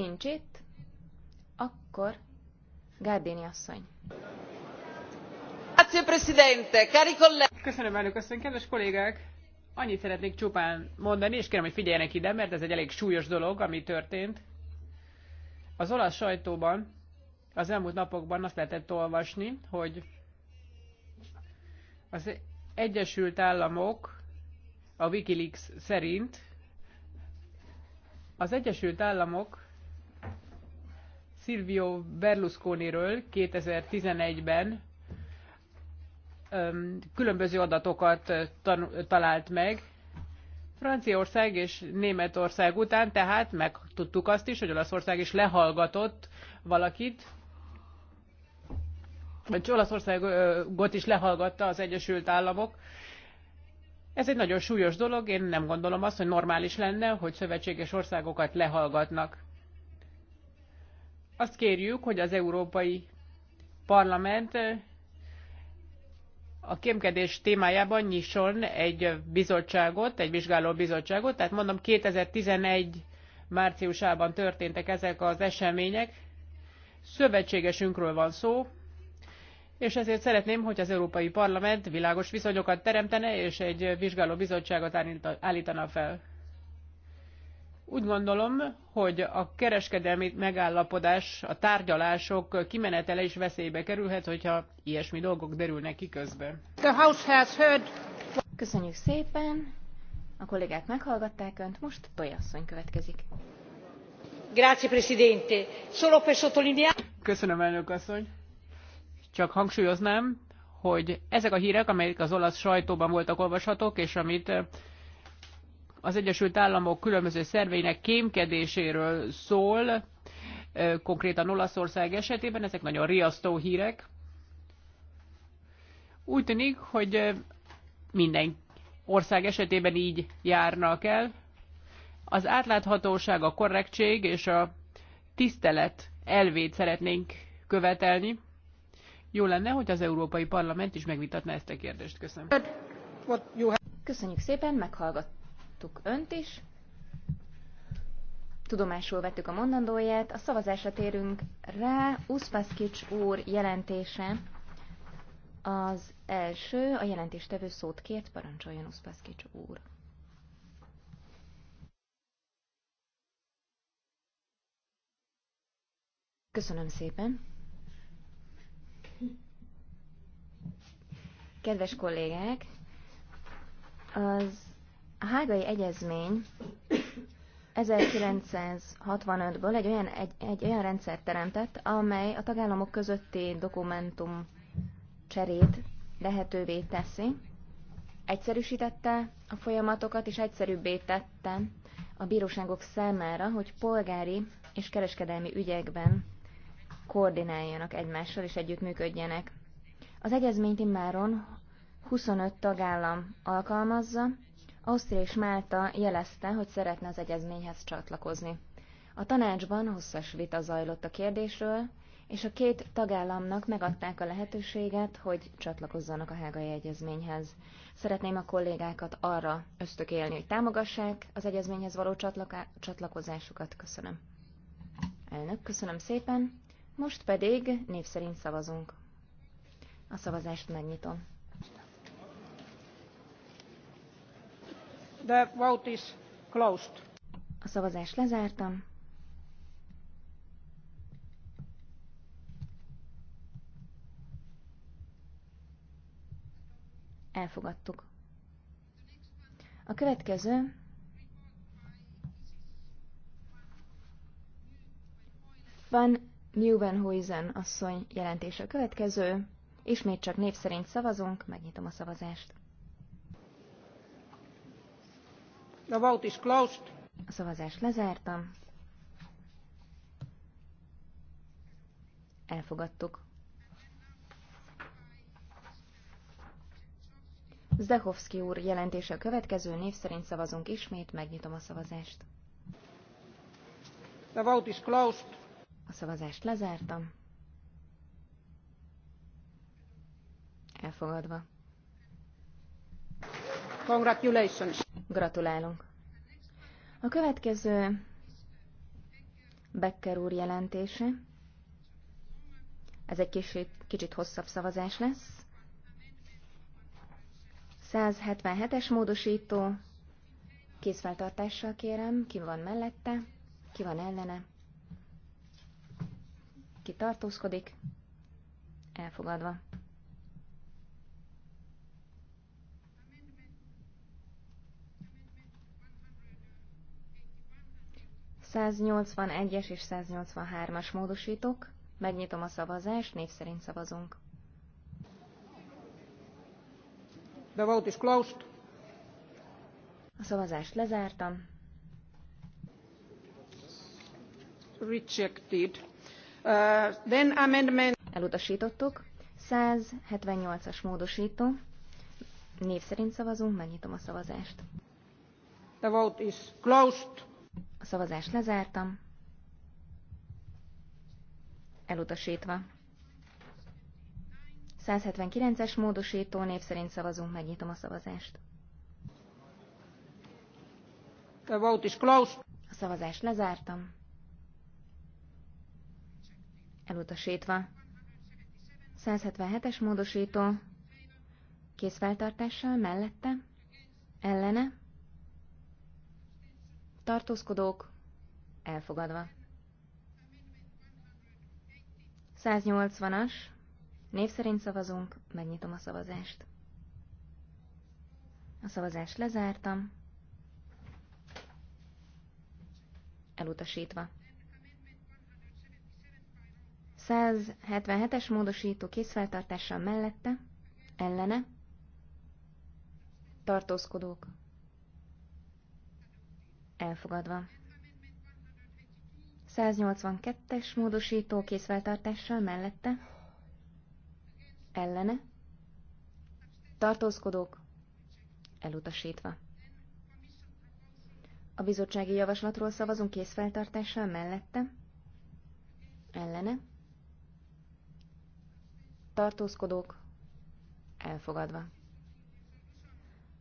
nincs itt, akkor Gárdéni asszony. Köszönöm, elnök asszony, kedves kollégák! Annyit szeretnék csupán mondani, és kérem, hogy figyeljenek ide, mert ez egy elég súlyos dolog, ami történt. Az olasz sajtóban az elmúlt napokban azt lehetett olvasni, hogy az Egyesült Államok a Wikileaks szerint az Egyesült Államok Silvio Berlusconiről 2011-ben különböző adatokat talált meg. Franciaország és Németország után tehát megtudtuk azt is, hogy Olaszország is lehallgatott valakit, vagy Olaszországot is lehallgatta az Egyesült Államok. Ez egy nagyon súlyos dolog, én nem gondolom azt, hogy normális lenne, hogy szövetséges országokat lehallgatnak. Azt kérjük, hogy az Európai Parlament eh, a kémkedés témájában nyisson egy bizottságot, egy vizsgáló bizottságot. Tehát mondom, 2011 márciusában történtek ezek az események. Szövetségesünkről van szó, és ezért szeretném, hogy az Európai Parlament világos viszonyokat teremtene, és egy vizsgáló bizottságot állítana fel. Úgy gondolom, hogy a kereskedelmi megállapodás, a tárgyalások kimenetele is veszélybe kerülhet, hogyha ilyesmi dolgok derülnek ki közben. The House has heard... Köszönjük szépen! A kollégák meghallgatták Önt, most Tojasszony következik. Grazie, Presidente. Solo per sottolineare... Köszönöm, elnök asszony. Csak hangsúlyoznám, hogy ezek a hírek, amelyek az olasz sajtóban voltak olvashatók, és amit az Egyesült Államok különböző szerveinek kémkedéséről szól, konkrétan Olaszország esetében, ezek nagyon riasztó hírek. Úgy tűnik, hogy minden ország esetében így járnak el. Az átláthatóság, a korrektség és a tisztelet elvét szeretnénk követelni. Jó lenne, hogy az Európai Parlament is megvitatná ezt a kérdést. Köszönöm. Köszönjük szépen, meghallgattuk hallottuk önt is, tudomásul vettük a mondandóját, a szavazásra térünk rá, Uszpaszkics úr jelentése az első, a jelentéstevő szót kért, parancsoljon Uszpaszkics úr. Köszönöm szépen. Kedves kollégák, az a hágai egyezmény 1965-ből egy olyan, egy, egy olyan rendszert teremtett, amely a tagállamok közötti dokumentum cserét lehetővé teszi, egyszerűsítette a folyamatokat, és egyszerűbbé tette a bíróságok számára, hogy polgári és kereskedelmi ügyekben koordináljanak egymással és együttműködjenek. Az egyezményt immáron 25 tagállam alkalmazza, Ausztria és Málta jelezte, hogy szeretne az egyezményhez csatlakozni. A tanácsban hosszas vita zajlott a kérdésről, és a két tagállamnak megadták a lehetőséget, hogy csatlakozzanak a hágai egyezményhez. Szeretném a kollégákat arra ösztökélni, hogy támogassák az egyezményhez való csatlakozásukat. Köszönöm. Elnök, köszönöm szépen. Most pedig név szerint szavazunk. A szavazást megnyitom. The vote is closed. A szavazást lezártam. Elfogadtuk. A következő Van Nieuwenhuizen asszony jelentése a következő. Ismét csak név szerint szavazunk, megnyitom a szavazást. The vote is closed. A szavazás lezártam. Elfogadtuk. Zdehovszki úr jelentése a következő név szerint szavazunk ismét, megnyitom a szavazást. The vote is closed. A szavazást lezártam. Elfogadva. Congratulations. Gratulálunk. A következő Becker úr jelentése. Ez egy kicsit, kicsit hosszabb szavazás lesz. 177-es módosító. Készfeltartással kérem, ki van mellette, ki van ellene, ki tartózkodik. Elfogadva. 181-es és 183-as módosítók. Megnyitom a szavazást, név szerint szavazunk. The vote is closed. A szavazást lezártam. Rejected. Uh, then amendment... Elutasítottuk. 178-as módosító. Név szerint szavazunk, megnyitom a szavazást. The vote is closed. A szavazást lezártam. Elutasítva. 179-es módosító név szerint szavazunk, megnyitom a szavazást. The vote is closed. A szavazást lezártam. Elutasítva. 177-es módosító. Készfeltartással mellette. Ellene tartózkodók, elfogadva. 180-as, név szerint szavazunk, megnyitom a szavazást. A szavazást lezártam, elutasítva. 177-es módosító készfeltartással mellette, ellene, tartózkodók, elfogadva. 182-es módosító készfeltartással mellette, ellene, tartózkodók, elutasítva. A bizottsági javaslatról szavazunk készfeltartással mellette, ellene, tartózkodók, elfogadva.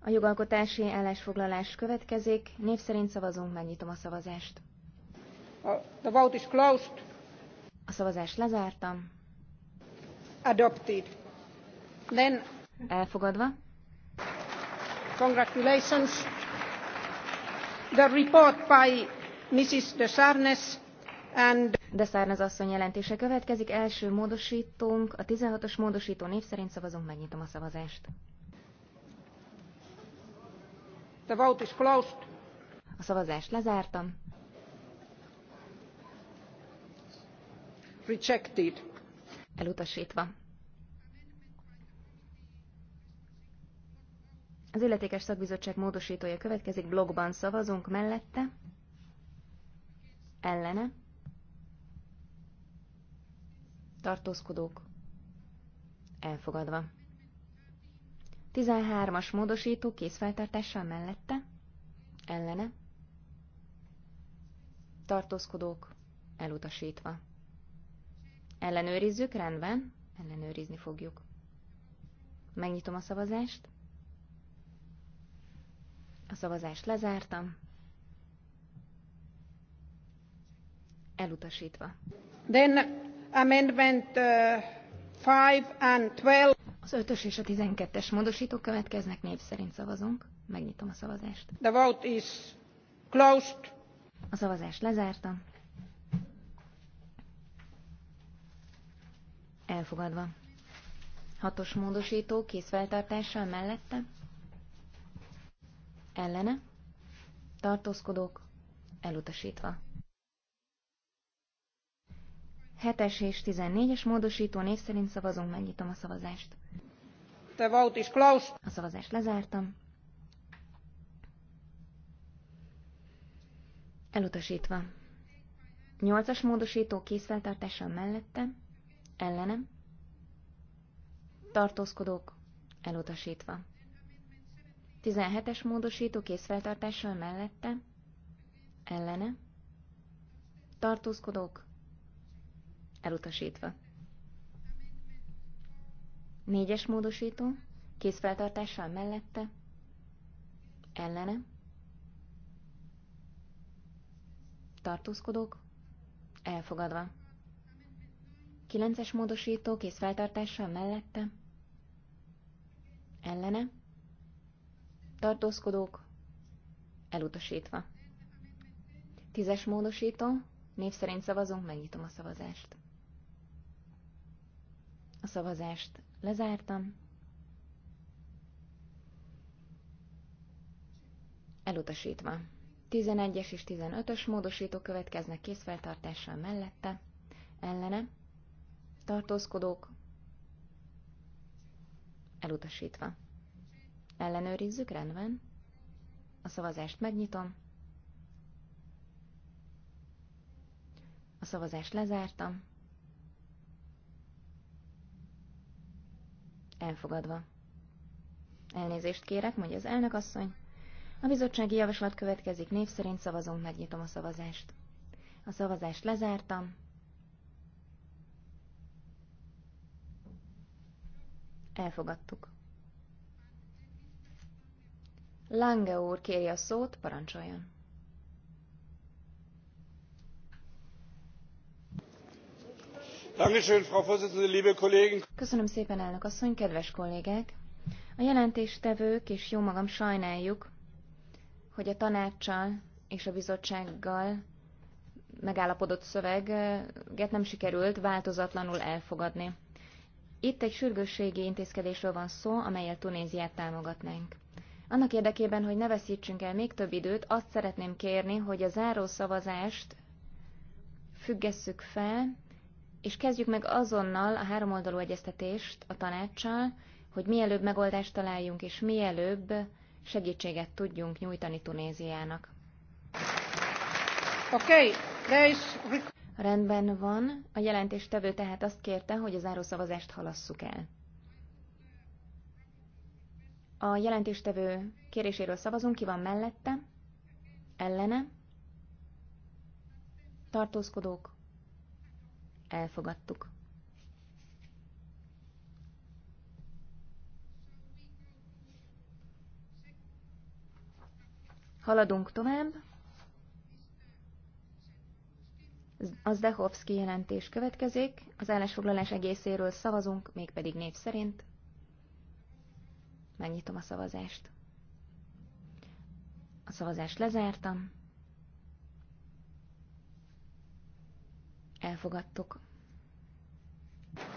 A jogalkotási állásfoglalás következik. Név szerint szavazunk, megnyitom a szavazást. Uh, the vote is closed. A szavazást lezártam. Adopted. Then... Elfogadva. Congratulations. The report by Mrs. De Sarnes and... De Sarnes asszony jelentése következik. Első módosítónk, a 16-os módosító név szerint szavazunk, megnyitom a szavazást. The vote is closed. A szavazást lezártam. Rejected. Elutasítva. Az illetékes szakbizottság módosítója következik, blogban szavazunk mellette, ellene, tartózkodók, elfogadva. 13-as módosító készfeltartással mellette, ellene, tartózkodók elutasítva. Ellenőrizzük, rendben, ellenőrizni fogjuk. Megnyitom a szavazást. A szavazást lezártam. Elutasítva. Then amendment 5 uh, and 12. Az 5-ös és a 12-es módosítók következnek, név szerint szavazunk. Megnyitom a szavazást. The vote is closed. A szavazást lezártam. Elfogadva. Hatos módosító készfeltartással mellette. Ellene. Tartózkodók. Elutasítva. 7-es és 14-es módosító név szerint szavazunk, megnyitom a szavazást. Te volt is Klaus! A szavazást lezártam. Elutasítva. 8-as módosító készfeltartása mellette, ellenem, tartózkodók, elutasítva. 17-es módosító készfeltartással mellette, ellene, tartózkodók, Elutasítva. Négyes módosító, kézfeltartással mellette, ellene, tartózkodók, elfogadva. Kilences módosító, kézfeltartással mellette, ellene, tartózkodók, elutasítva. Tízes módosító, név szerint szavazunk, megnyitom a szavazást. A szavazást lezártam. Elutasítva. 11-es és 15-ös módosítók következnek készfeltartással mellette, ellene, tartózkodók, elutasítva. Ellenőrizzük, rendben. A szavazást megnyitom. A szavazást lezártam. Elfogadva. Elnézést kérek, mondja az elnök asszony. A bizottsági javaslat következik, név szerint szavazunk, megnyitom a szavazást. A szavazást lezártam. Elfogadtuk. Lange úr kéri a szót, parancsoljon. Köszönöm szépen, elnök asszony, kedves kollégák! A jelentéstevők és jó magam sajnáljuk, hogy a tanácssal és a bizottsággal megállapodott szöveget nem sikerült változatlanul elfogadni. Itt egy sürgősségi intézkedésről van szó, amelyel Tunéziát támogatnánk. Annak érdekében, hogy ne veszítsünk el még több időt, azt szeretném kérni, hogy a záró szavazást függesszük fel, és kezdjük meg azonnal a háromoldalú egyeztetést a tanácssal, hogy mielőbb megoldást találjunk, és mielőbb segítséget tudjunk nyújtani Tunéziának. Okay, is... Rendben van, a jelentéstevő tehát azt kérte, hogy az zárószavazást halasszuk el. A jelentéstevő kéréséről szavazunk, ki van mellette, ellene, tartózkodók, elfogadtuk. Haladunk tovább. A Zdehovszki jelentés következik. Az állásfoglalás egészéről szavazunk, mégpedig név szerint. Megnyitom a szavazást. A szavazást lezártam. Elfogadtuk.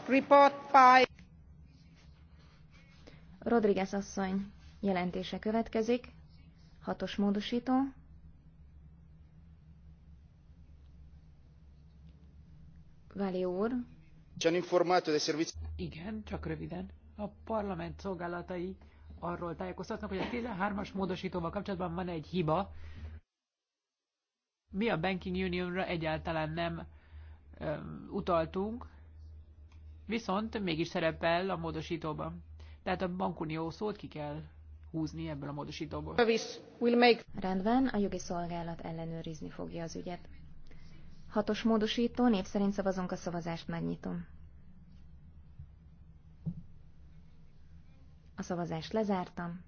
Report by... Rodriguez asszony jelentése következik. Hatos módosító. Vali úr. Igen, csak röviden. A parlament szolgálatai arról tájékoztatnak, hogy a 13-as módosítóval kapcsolatban van egy hiba. Mi a Banking Unionra egyáltalán nem utaltunk, viszont mégis szerepel a módosítóban. Tehát a bankunió szót ki kell húzni ebből a módosítóból. Rendben, a jogi szolgálat ellenőrizni fogja az ügyet. Hatos módosító, név szerint szavazunk a szavazást, megnyitom. A szavazást lezártam.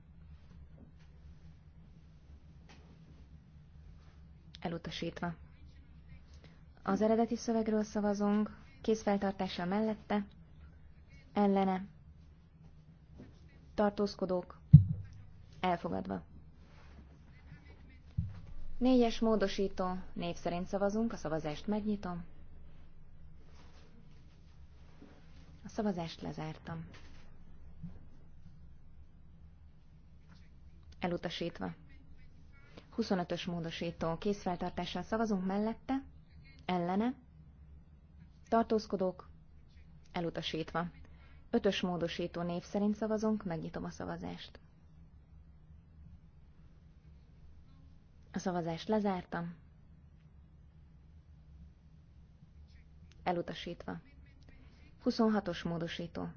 Elutasítva. Az eredeti szövegről szavazunk, kézfeltartása mellette, ellene, tartózkodók, elfogadva. Négyes módosító, név szerint szavazunk, a szavazást megnyitom. A szavazást lezártam. Elutasítva. 25-ös módosító, készfeltartással szavazunk mellette, ellene, tartózkodók, elutasítva. Ötös módosító név szerint szavazunk, megnyitom a szavazást. A szavazást lezártam. Elutasítva. 26-os módosító.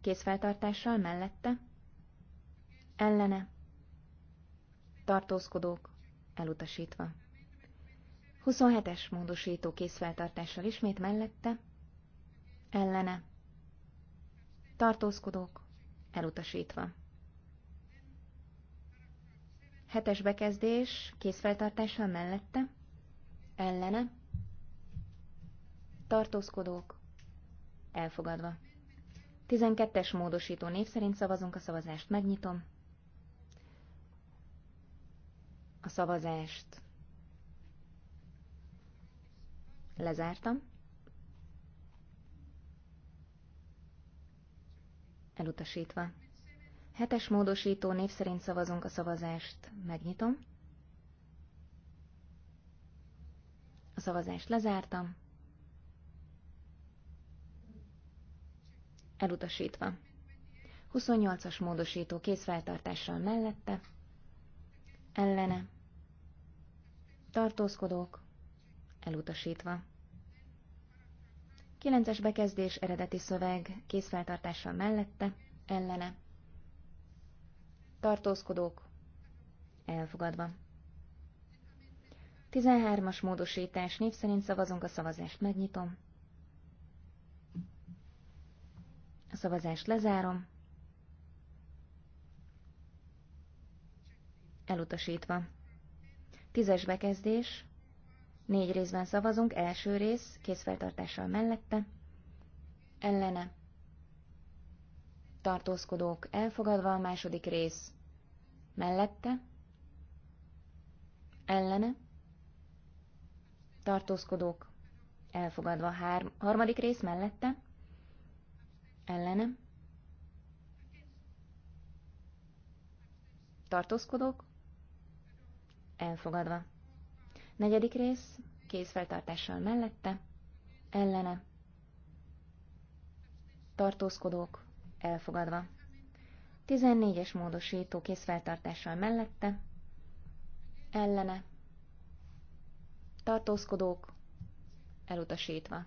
Kézfeltartással mellette. Ellene. Tartózkodók. Elutasítva. 27-es módosító készfeltartással ismét mellette, ellene, tartózkodók, elutasítva. 7-es bekezdés készfeltartással mellette, ellene, tartózkodók, elfogadva. 12-es módosító név szerint szavazunk, a szavazást megnyitom. A szavazást Lezártam. Elutasítva. Hetes módosító név szerint szavazunk a szavazást. Megnyitom. A szavazást lezártam. Elutasítva. 28-as módosító készfeltartással mellette. Ellene. Tartózkodók elutasítva. 9 bekezdés eredeti szöveg készfeltartással mellette, ellene. Tartózkodók elfogadva. 13-as módosítás név szerint szavazunk, a szavazást megnyitom. A szavazást lezárom. Elutasítva. Tízes bekezdés. Négy részben szavazunk, első rész készfeltartással mellette, ellene, tartózkodók elfogadva, második rész mellette, ellene, tartózkodók elfogadva, hár, harmadik rész mellette, ellene, tartózkodók elfogadva. Negyedik rész, kézfeltartással mellette, ellene, tartózkodók, elfogadva. 14-es módosító kézfeltartással mellette, ellene, tartózkodók, elutasítva.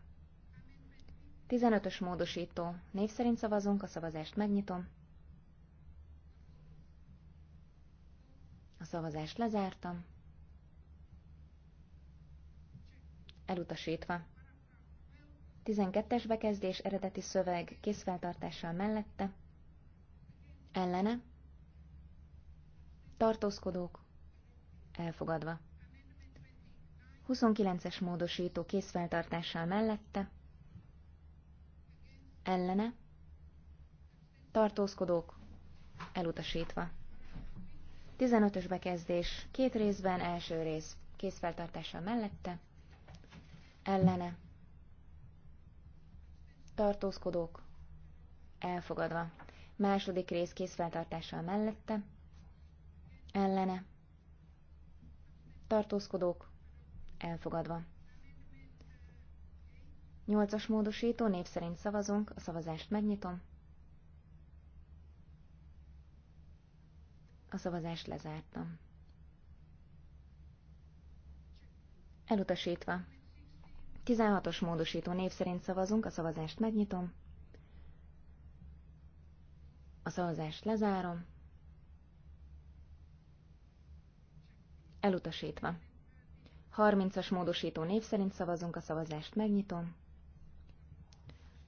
15-ös módosító, név szerint szavazunk, a szavazást megnyitom. A szavazást lezártam. elutasítva. 12-es bekezdés eredeti szöveg készfeltartással mellette, ellene, tartózkodók, elfogadva. 29-es módosító készfeltartással mellette, ellene, tartózkodók, elutasítva. 15-ös bekezdés két részben, első rész készfeltartással mellette, ellene, tartózkodók, elfogadva. Második rész készfeltartással mellette, ellene, tartózkodók, elfogadva. Nyolcas módosító név szerint szavazunk, a szavazást megnyitom. A szavazást lezártam. Elutasítva. 16-os módosító név szerint szavazunk, a szavazást megnyitom. A szavazást lezárom. Elutasítva. 30-as módosító név szerint szavazunk, a szavazást megnyitom.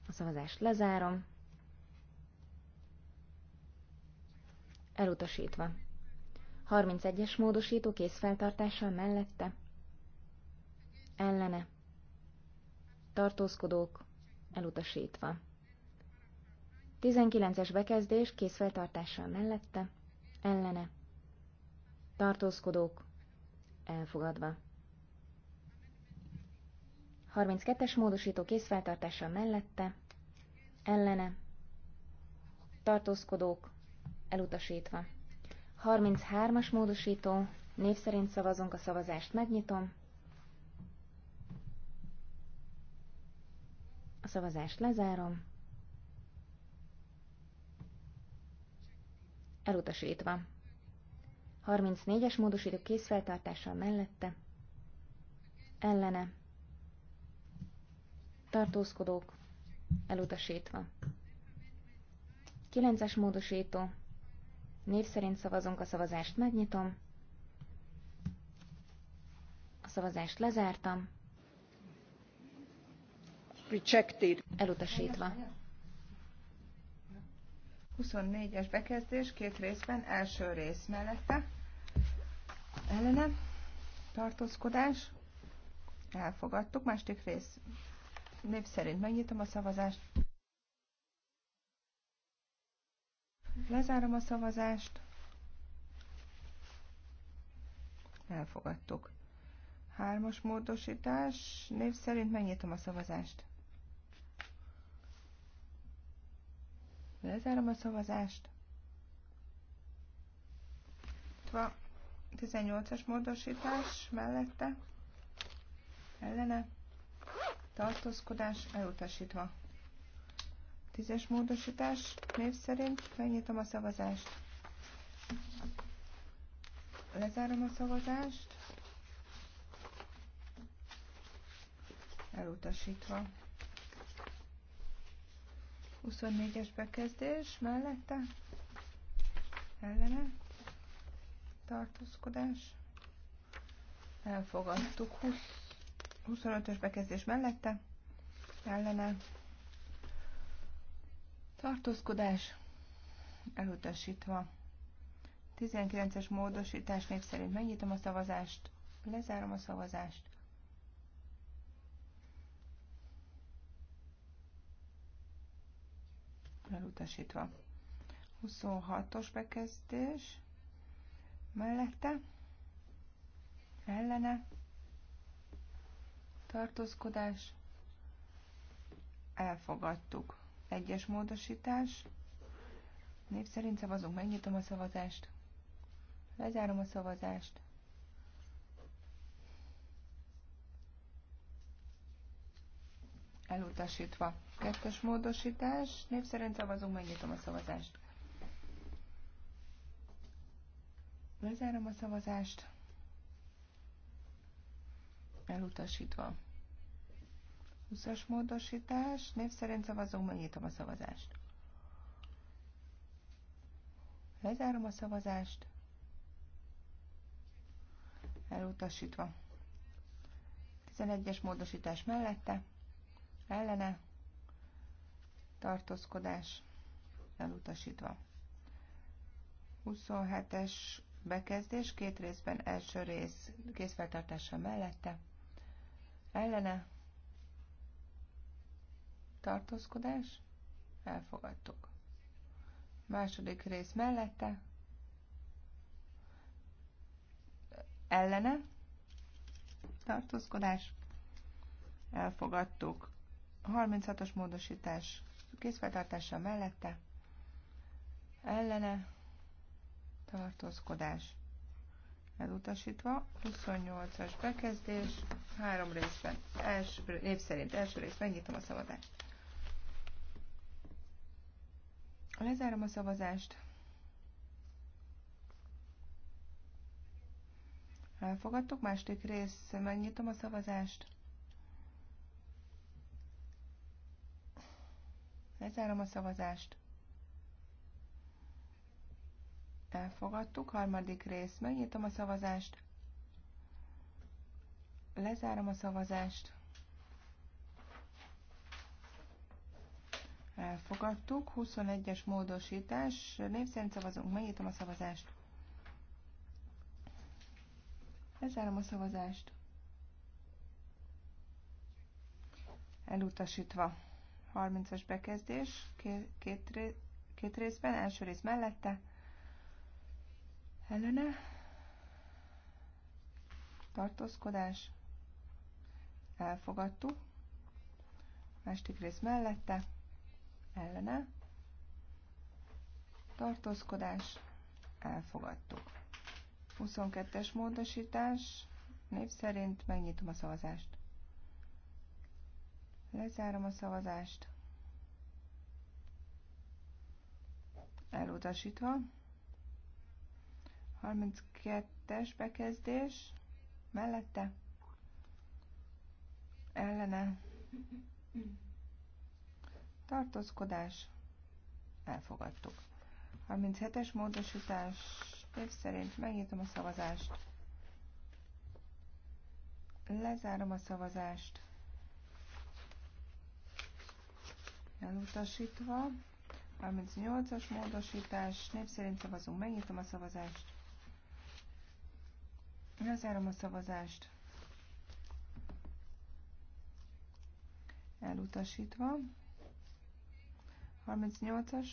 A szavazást lezárom. Elutasítva. 31-es módosító készfeltartással mellette. Ellene tartózkodók elutasítva. 19-es bekezdés készfeltartással mellette, ellene, tartózkodók elfogadva. 32-es módosító készfeltartása mellette, ellene, tartózkodók, elutasítva. 33-as módosító, név szerint szavazunk a szavazást, megnyitom. A szavazást lezárom. Elutasítva. 34-es módosító készfeltartással mellette. Ellene. Tartózkodók. Elutasítva. 9-es módosító. Név szerint szavazunk, a szavazást megnyitom. A szavazást lezártam. Rejected. Elutasítva. 24-es bekezdés két részben, első rész mellette. Ellene. Tartózkodás. Elfogadtuk. Másik rész név szerint megnyitom a szavazást. Lezárom a szavazást. Elfogadtuk. Hármas módosítás. Név szerint megnyitom a szavazást. Lezárom a szavazást. 18-as módosítás mellette, ellene, tartózkodás elutasítva. 10-es módosítás név szerint megnyitom a szavazást. Lezárom a szavazást. Elutasítva. 24-es bekezdés mellette ellene tartózkodás. Elfogadtuk 20, 25-ös bekezdés mellette ellene tartózkodás elutasítva. 19-es módosítás név szerint megnyitom a szavazást, lezárom a szavazást. elutasítva. 26-os bekezdés mellette, ellene, tartózkodás, elfogadtuk. Egyes módosítás, név szerint szavazunk, megnyitom a szavazást, lezárom a szavazást, elutasítva. Kettes módosítás, név szerint szavazunk, megnyitom a szavazást. Lezárom a szavazást. Elutasítva. 20-as módosítás, név szerint szavazunk, megnyitom a szavazást. Lezárom a szavazást. Elutasítva. 11-es módosítás mellette ellene, tartózkodás elutasítva. 27-es bekezdés, két részben első rész készfeltartása mellette, ellene, tartózkodás, elfogadtuk. Második rész mellette, ellene, tartózkodás, elfogadtuk. 36-os módosítás készfeltartása mellette, ellene, tartózkodás elutasítva, 28-as bekezdés, három részben, első, név szerint első rész, megnyitom a szavazást. Lezárom a szavazást. Elfogadtuk, második rész, megnyitom a szavazást. Lezárom a szavazást. Elfogadtuk. Harmadik rész. Megnyitom a szavazást. Lezárom a szavazást. Elfogadtuk. 21-es módosítás. Név szerint szavazunk. Megnyitom a szavazást. Lezárom a szavazást. Elutasítva. 30-as bekezdés két, két részben, első rész mellette, ellene, tartózkodás, elfogadtuk, másik rész mellette, ellene, tartózkodás, elfogadtuk. 22-es módosítás, név szerint megnyitom a szavazást. Lezárom a szavazást. Elutasítva. 32-es bekezdés. Mellette. Ellene. Tartózkodás. Elfogadtuk. 37-es módosítás. Év szerint megnyitom a szavazást. Lezárom a szavazást. elutasítva. 38-as módosítás, nép szerint szavazunk, megnyitom a szavazást. Lezárom a szavazást. Elutasítva. 38-as.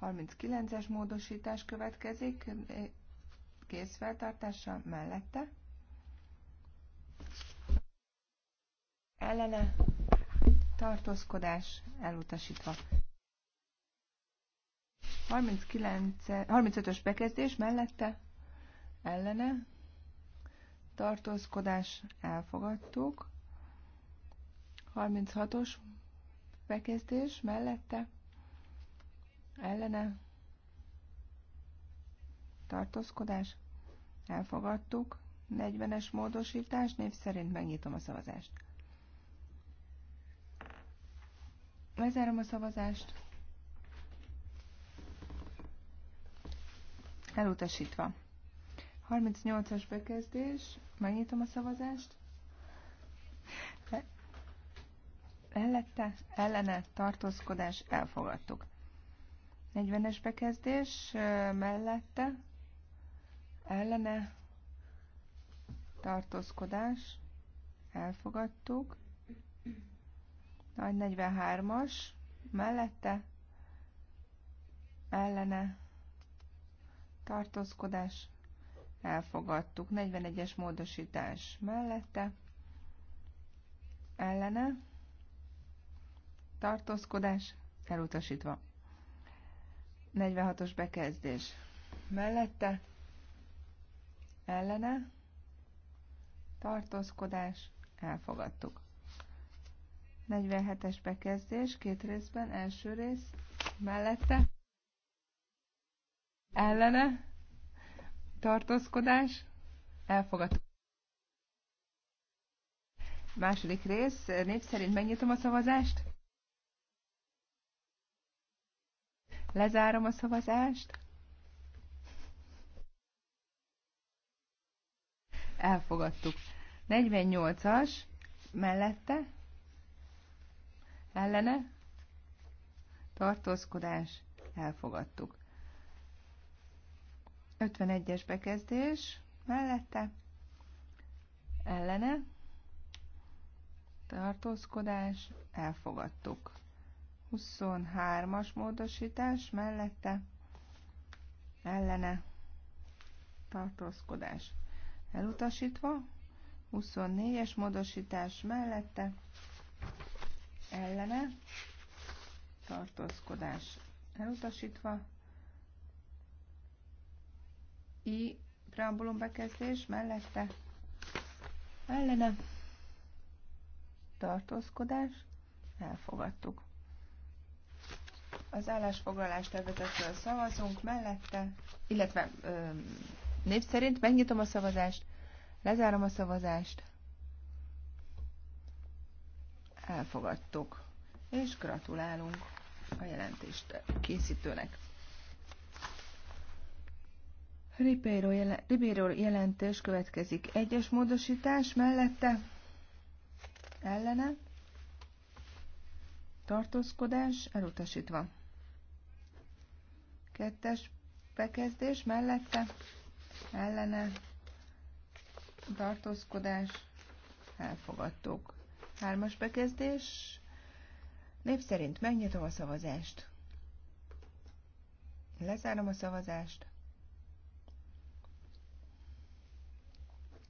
39-es módosítás következik, készfeltartása mellette. ellene tartózkodás elutasítva. 39, 35-ös bekezdés mellette ellene tartózkodás elfogadtuk. 36-os bekezdés mellette ellene tartózkodás elfogadtuk. 40-es módosítás név szerint megnyitom a szavazást. Lezárom a szavazást. Elutasítva. 38-as bekezdés. Megnyitom a szavazást. Ellette, ellene tartózkodás elfogadtuk. 40-es bekezdés mellette ellene tartózkodás elfogadtuk. Nagy 43-as, mellette, ellene, tartózkodás, elfogadtuk. 41-es módosítás mellette, ellene, tartózkodás, elutasítva. 46-os bekezdés mellette, ellene, tartózkodás, elfogadtuk. 47-es bekezdés, két részben, első rész, mellette, ellene, tartózkodás, elfogadó. Második rész, név szerint megnyitom a szavazást. Lezárom a szavazást. Elfogadtuk. 48-as, mellette, ellene, tartózkodás, elfogadtuk. 51-es bekezdés mellette, ellene, tartózkodás, elfogadtuk. 23-as módosítás mellette, ellene, tartózkodás, elutasítva. 24-es módosítás mellette, ellene, tartózkodás elutasítva, I preambulum bekezdés mellette, ellene, tartózkodás, elfogadtuk. Az állásfoglalás tervezetről szavazunk, mellette, illetve ö, név szerint megnyitom a szavazást, lezárom a szavazást, elfogadtuk, és gratulálunk a jelentést készítőnek. Ribeiro, jel Ribeiro jelentés következik. Egyes módosítás mellette ellene tartózkodás elutasítva. Kettes bekezdés mellette ellene tartózkodás elfogadtuk. Hármas bekezdés. Név szerint megnyitom a szavazást. Lezárom a szavazást.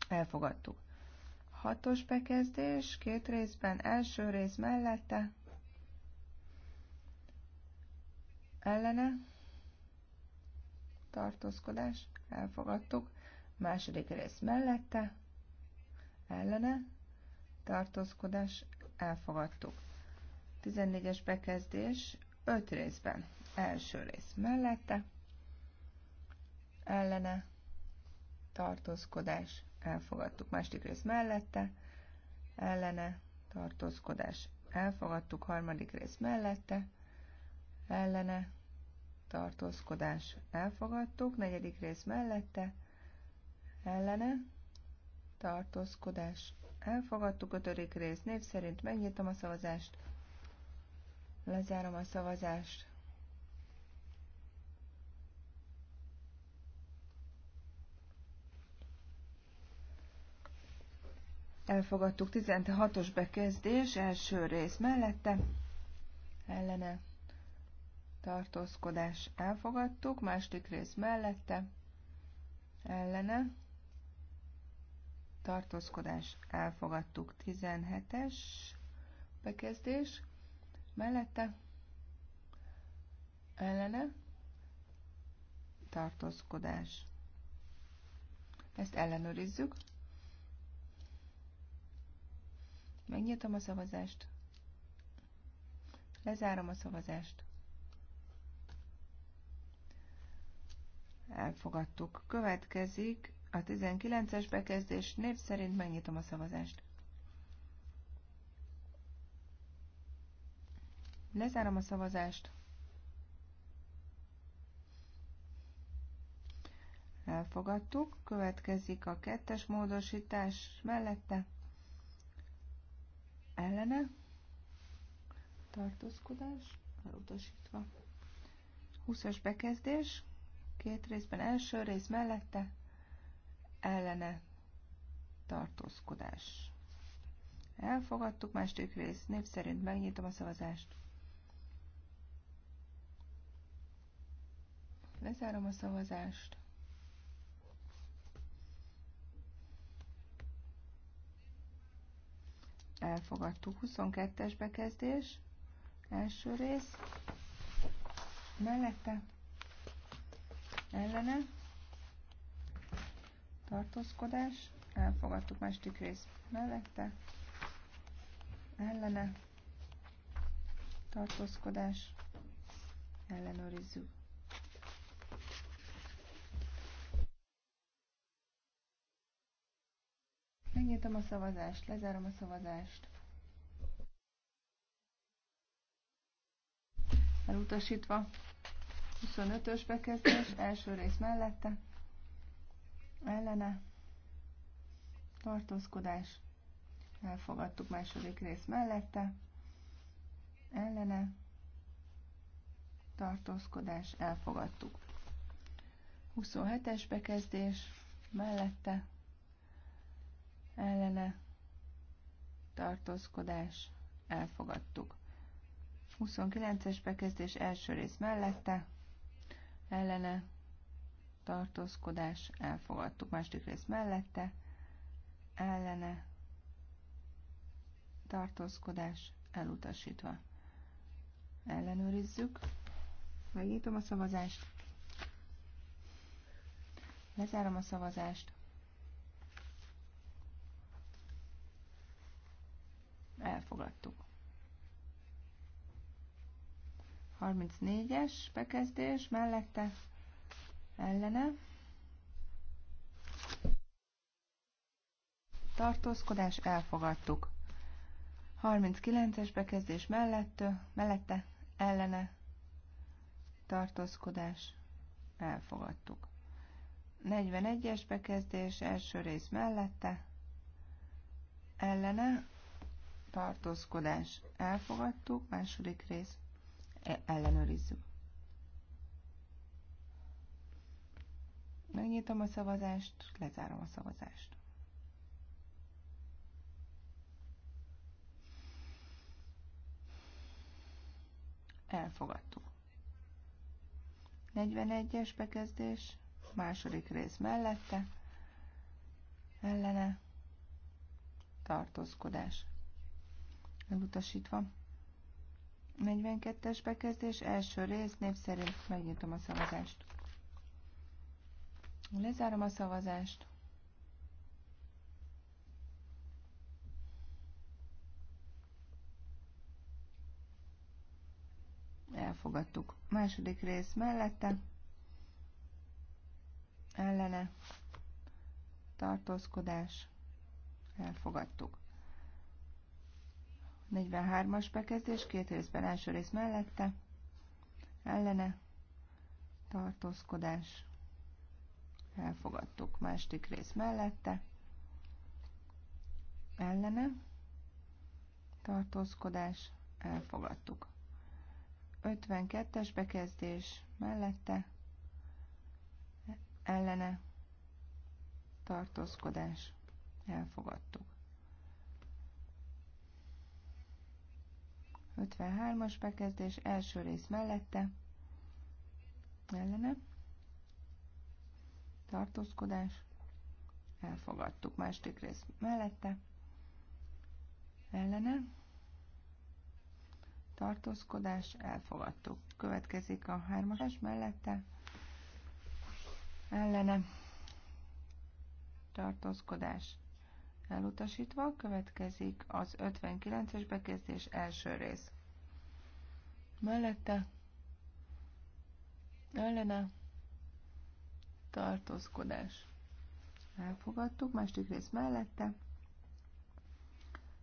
Elfogadtuk. Hatos bekezdés, két részben, első rész mellette, ellene, tartózkodás, elfogadtuk, második rész mellette, ellene, tartózkodás elfogadtuk. 14-es bekezdés 5 részben. Első rész mellette, ellene, tartózkodás elfogadtuk. Második rész mellette, ellene, tartózkodás elfogadtuk. Harmadik rész mellette, ellene, tartózkodás elfogadtuk. Negyedik rész mellette, ellene, tartózkodás elfogadtuk, ötödik rész név szerint megnyitom a szavazást, lezárom a szavazást. Elfogadtuk 16-os bekezdés, első rész mellette, ellene, tartózkodás elfogadtuk, második rész mellette, ellene, tartózkodás elfogadtuk 17-es bekezdés, mellette ellene tartózkodás. Ezt ellenőrizzük. Megnyitom a szavazást. Lezárom a szavazást. Elfogadtuk. Következik a 19-es bekezdés név szerint megnyitom a szavazást. Lezárom a szavazást. Elfogadtuk. Következik a kettes módosítás mellette. Ellene. Tartózkodás. Elutasítva. 20-as bekezdés. Két részben első rész mellette ellene tartózkodás. Elfogadtuk, második rész név szerint megnyitom a szavazást. Lezárom a szavazást. Elfogadtuk. 22-es bekezdés. Első rész. Mellette. Ellene tartózkodás, elfogadtuk másik rész mellette, ellene, tartózkodás, ellenőrizzük. Megnyitom a szavazást, lezárom a szavazást. Elutasítva. 25-ös bekezdés, első rész mellette ellene tartózkodás, elfogadtuk második rész mellette, ellene tartózkodás, elfogadtuk. 27-es bekezdés mellette, ellene tartózkodás, elfogadtuk. 29-es bekezdés első rész mellette, ellene tartózkodás, elfogadtuk. Második rész mellette, ellene, tartózkodás, elutasítva. Ellenőrizzük. Megnyitom a szavazást. Lezárom a szavazást. Elfogadtuk. 34-es bekezdés mellette ellene. Tartózkodás elfogadtuk. 39-es bekezdés mellett, mellette, ellene, tartózkodás, elfogadtuk. 41-es bekezdés első rész mellette, ellene, tartózkodás, elfogadtuk, második rész, e- ellenőrizzük. Megnyitom a szavazást, lezárom a szavazást. Elfogadtuk. 41-es bekezdés, második rész mellette, ellene, tartózkodás. Elutasítva. 42-es bekezdés, első rész, népszerű, megnyitom a szavazást. Lezárom a szavazást. Elfogadtuk. Második rész mellette. Ellene. Tartózkodás. Elfogadtuk. 43-as bekezdés, két részben első rész mellette, ellene, tartózkodás, elfogadtuk. másik rész mellette, ellene, tartózkodás, elfogadtuk. 52-es bekezdés mellette, ellene, tartózkodás, elfogadtuk. 53-as bekezdés első rész mellette, ellene, tartózkodás, elfogadtuk. másik rész mellette, ellene, tartózkodás, elfogadtuk. Következik a hármas mellette, ellene, tartózkodás, elutasítva. Következik az 59-es bekezdés első rész. Mellette, ellene, tartózkodás. Elfogadtuk, második rész mellette,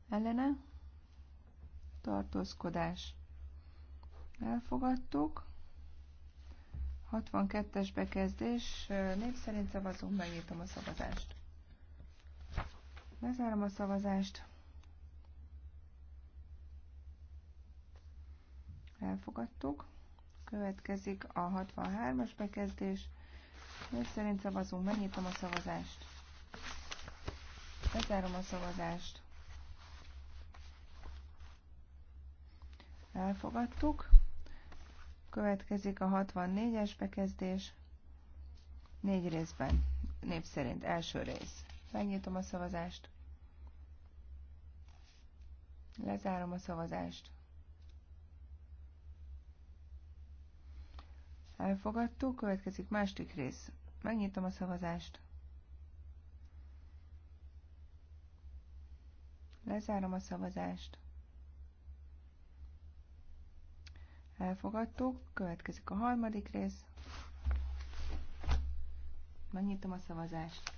ellene, tartózkodás. Elfogadtuk. 62-es bekezdés, név szerint szavazunk, megnyitom a szavazást. Lezárom a szavazást. Elfogadtuk. Következik a 63-as bekezdés. Név szerint szavazunk, megnyitom a szavazást. Bezárom a szavazást. Elfogadtuk. Következik a 64-es bekezdés. Négy részben. Név szerint első rész. Megnyitom a szavazást. Lezárom a szavazást. Elfogadtuk, következik másik rész. Megnyitom a szavazást. Lezárom a szavazást. Elfogadtuk. Következik a harmadik rész. Megnyitom a szavazást.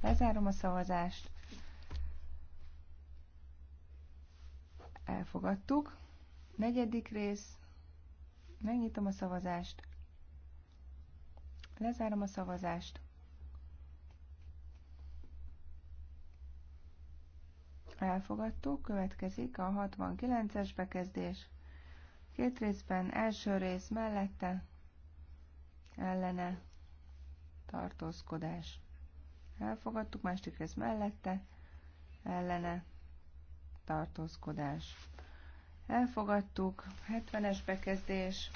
Lezárom a szavazást. Elfogadtuk. Negyedik rész. Megnyitom a szavazást. Lezárom a szavazást. Elfogadtuk, következik a 69-es bekezdés. Két részben, első rész mellette, ellene, tartózkodás. Elfogadtuk, másik rész mellette, ellene, tartózkodás. Elfogadtuk. 70-es bekezdés.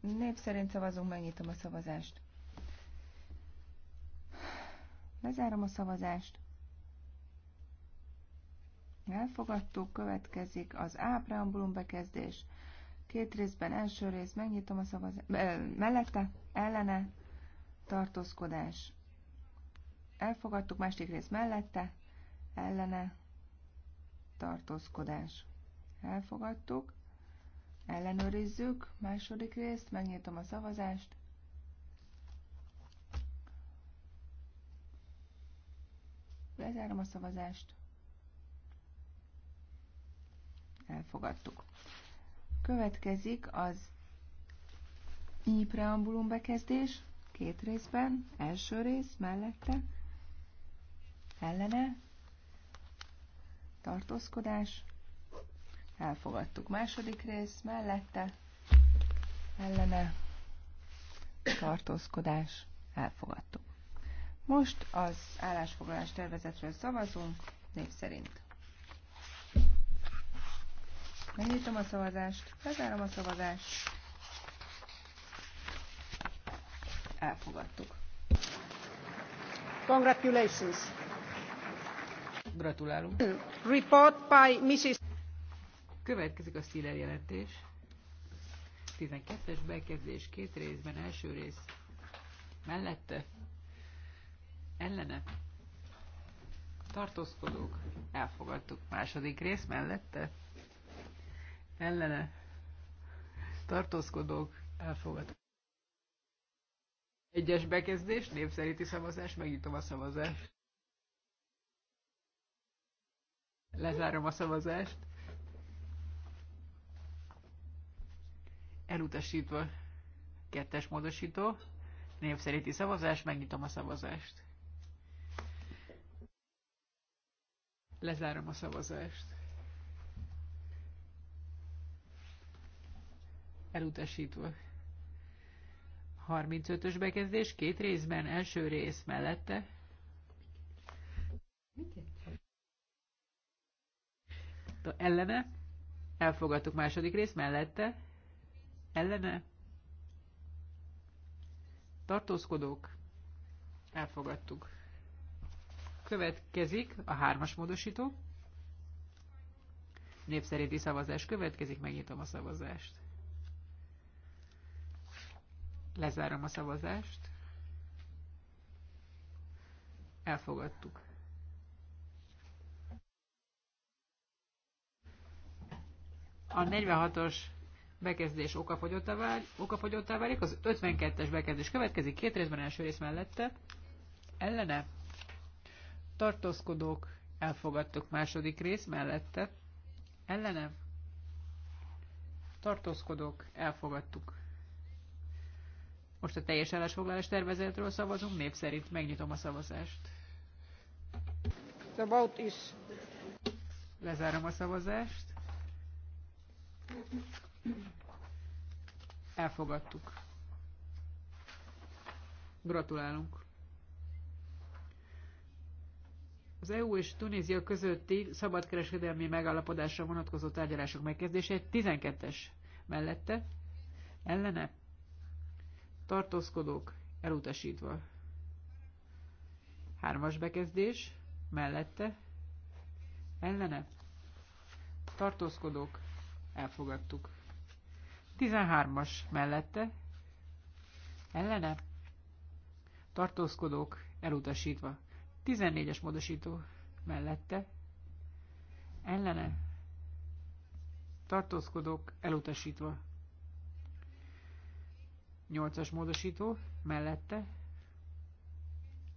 Nép szerint szavazunk, megnyitom a szavazást. Lezárom a szavazást. Elfogadtuk, következik az A preambulum bekezdés. Két részben, első rész, megnyitom a szavazást. Eh, mellette, ellene, tartózkodás. Elfogadtuk, másik rész mellette, ellene, tartózkodás elfogadtuk. Ellenőrizzük, második részt, megnyitom a szavazást. Lezárom a szavazást. Elfogadtuk. Következik az i preambulum bekezdés, két részben, első rész mellette, ellene, tartózkodás, Elfogadtuk. Második rész mellette ellene tartózkodás. Elfogadtuk. Most az állásfoglalás tervezetről szavazunk név szerint. Megnyitom a szavazást, lezárom a szavazást. Elfogadtuk. Congratulations! Gratulálunk! Report by Mrs. Következik a Stiller jelentés. 12-es bekezdés két részben, első rész mellette, ellene, tartózkodók, elfogadtuk. Második rész mellette, ellene, tartózkodók, elfogadtuk. Egyes bekezdés, népszerinti szavazás, megnyitom a szavazást. Lezárom a szavazást. elutasítva. Kettes módosító, név szerinti szavazás, megnyitom a szavazást. Lezárom a szavazást. Elutasítva. 35-ös bekezdés két részben, első rész mellette. Ellene. Elfogadtuk második rész mellette ellene tartózkodók elfogadtuk. Következik a hármas módosító. Népszerinti szavazás következik, megnyitom a szavazást. Lezárom a szavazást. Elfogadtuk. A 46-os bekezdés okafogyottá válik, válik, az 52-es bekezdés következik, két részben első rész mellette, ellene, tartózkodók, elfogadtuk második rész mellette, ellene, tartózkodók, elfogadtuk. Most a teljes állásfoglalás tervezetről szavazunk, név szerint megnyitom a szavazást. The is... Lezárom a szavazást. Elfogadtuk. Gratulálunk. Az EU és Tunézia közötti szabadkereskedelmi megállapodásra vonatkozó tárgyalások megkezdése 12-es mellette ellene tartózkodók elutasítva. Hármas bekezdés mellette ellene tartózkodók elfogadtuk. 13-as mellette ellene tartózkodók elutasítva. 14-es módosító mellette ellene tartózkodók elutasítva. 8-as módosító mellette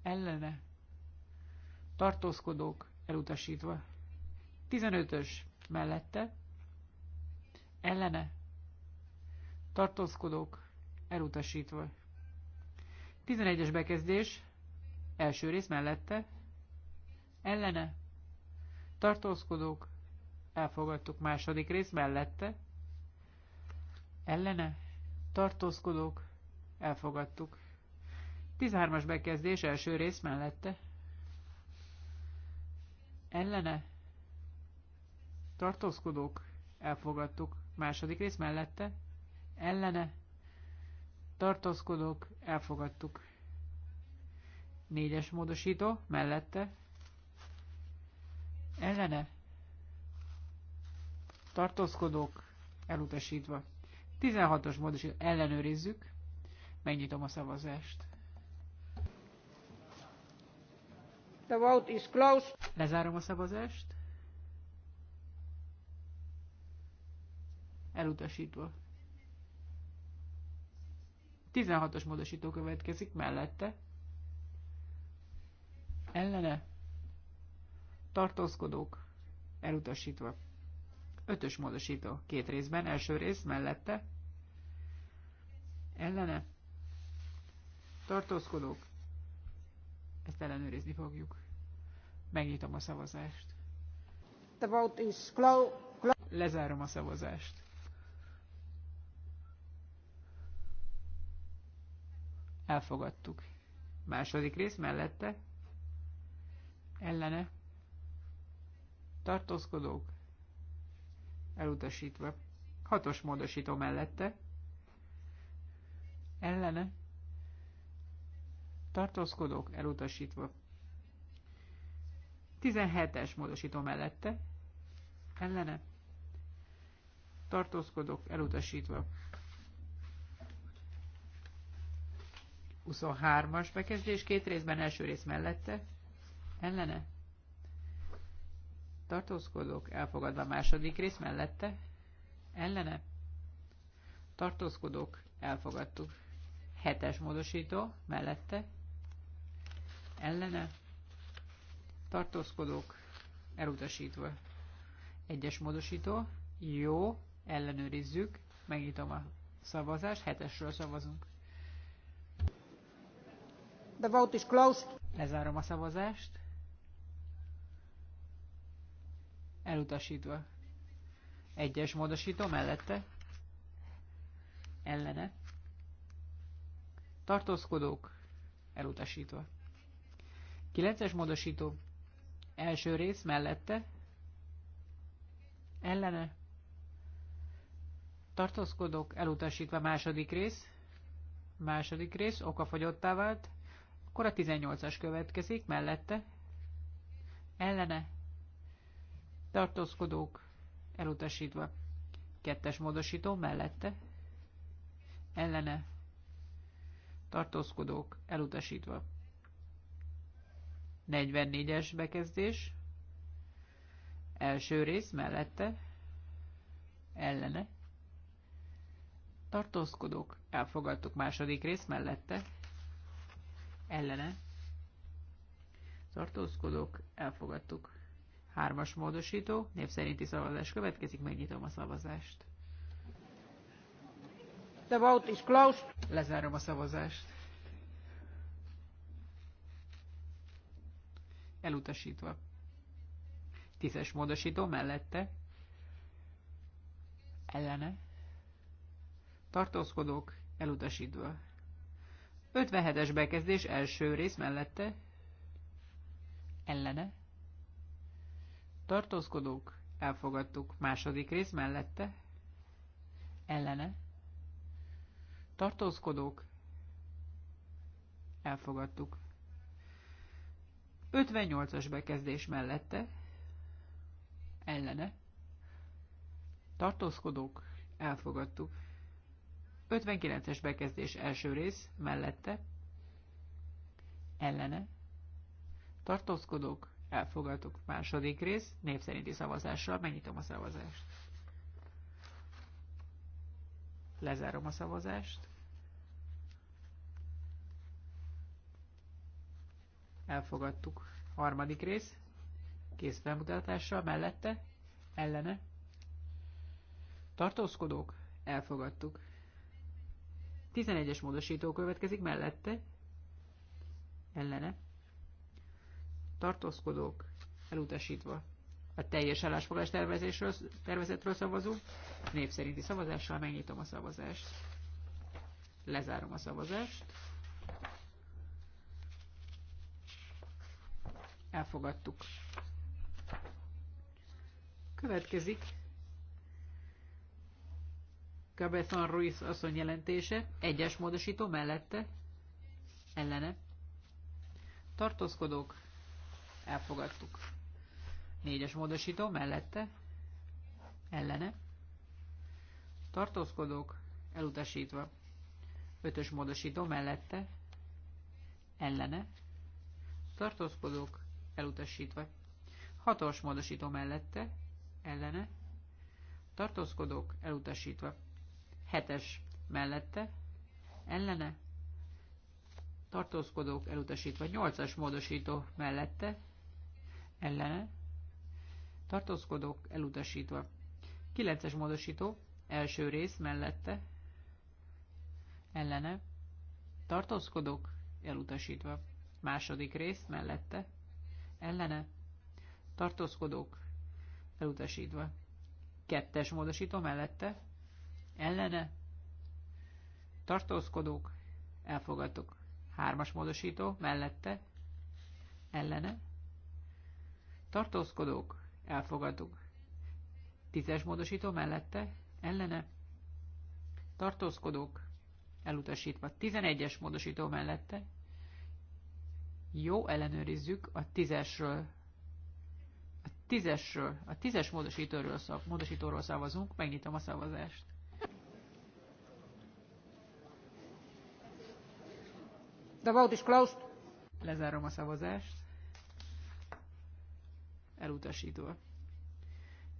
ellene tartózkodók elutasítva. 15-ös mellette ellene tartózkodók, elutasítva. 11-es bekezdés, első rész mellette, ellene, tartózkodók, elfogadtuk második rész mellette, ellene, tartózkodók, elfogadtuk. 13-as bekezdés, első rész mellette, ellene, tartózkodók, elfogadtuk. Második rész mellette, ellene tartózkodók, elfogadtuk. Négyes módosító, mellette, ellene, tartózkodók, elutasítva. 16-os módosító, ellenőrizzük, megnyitom a szavazást. The vote is closed. Lezárom a szavazást. Elutasítva. 16-os módosító következik mellette. Ellene. Tartózkodók. Elutasítva. 5-ös módosító. Két részben. Első rész mellette. Ellene. Tartózkodók. Ezt ellenőrizni fogjuk. Megnyitom a szavazást. The vote is Lezárom a szavazást. Elfogadtuk. Második rész mellette. Ellene. Tartózkodók. Elutasítva. Hatos módosító mellette. Ellene. Tartózkodók. Elutasítva. 17-es módosító mellette. Ellene. Tartózkodók. Elutasítva. 23-as bekezdés két részben, első rész mellette, ellene. Tartózkodók elfogadva második rész mellette, ellene. Tartózkodók elfogadtuk. Hetes módosító mellette, ellene. Tartózkodók elutasítva. Egyes módosító, jó, ellenőrizzük, megnyitom a szavazást, hetesről szavazunk. The vote is closed. Lezárom a szavazást. Elutasítva. Egyes módosító mellette. Ellene. Tartózkodók. Elutasítva. Kilences módosító. Első rész mellette. Ellene. Tartózkodók. Elutasítva. Második rész. Második rész. Okafogyottá vált. Akkor a 18-as következik, mellette, ellene, tartózkodók, elutasítva. Kettes módosító, mellette, ellene, tartózkodók, elutasítva. 44-es bekezdés, első rész, mellette, ellene, tartózkodók, elfogadtuk második rész, mellette, ellene tartózkodók, elfogadtuk. Hármas módosító, név szerinti szavazás következik, megnyitom a szavazást. The vote is closed. Lezárom a szavazást. Elutasítva. Tízes módosító mellette. Ellene. Tartózkodók, elutasítva. 57-es bekezdés első rész mellette ellene. Tartózkodók, elfogadtuk. Második rész mellette ellene. Tartózkodók, elfogadtuk. 58-as bekezdés mellette ellene. Tartózkodók, elfogadtuk. 59-es bekezdés első rész mellette ellene tartózkodók elfogadok Második rész népszerinti szavazással megnyitom a szavazást. Lezárom a szavazást. Elfogadtuk. Harmadik rész kész felmutatással mellette ellene tartózkodók elfogadtuk. 11-es módosító következik mellette, ellene. Tartózkodók elutasítva. A teljes állásfoglalás tervezésről, tervezetről szavazunk. Név szerinti szavazással megnyitom a szavazást. Lezárom a szavazást. Elfogadtuk. Következik Cabezon Ruiz asszony jelentése, egyes módosító mellette, ellene. Tartózkodók, elfogadtuk. Négyes módosító mellette, ellene. Tartózkodók, elutasítva. Ötös módosító mellette, ellene. Tartózkodók, elutasítva. Hatos módosító mellette, ellene. Tartózkodók, elutasítva Hetes mellette, ellene, tartózkodók elutasítva. Nyolcas módosító mellette, ellene, tartózkodók elutasítva. Kilences módosító, első rész mellette, ellene, tartózkodók elutasítva. Második rész mellette, ellene, tartózkodók elutasítva. Kettes módosító mellette, ellene, tartózkodók, elfogadtuk. Hármas módosító, mellette, ellene, tartózkodók, elfogadtuk. Tízes módosító, mellette, ellene, tartózkodók, elutasítva. Tizenegyes módosító mellette, jó, ellenőrizzük a tízesről. A tízesről, a tízes módosítóról, szav, módosítóról szavazunk, megnyitom a szavazást. The vote is closed. Lezárom a szavazást. Elutasítva.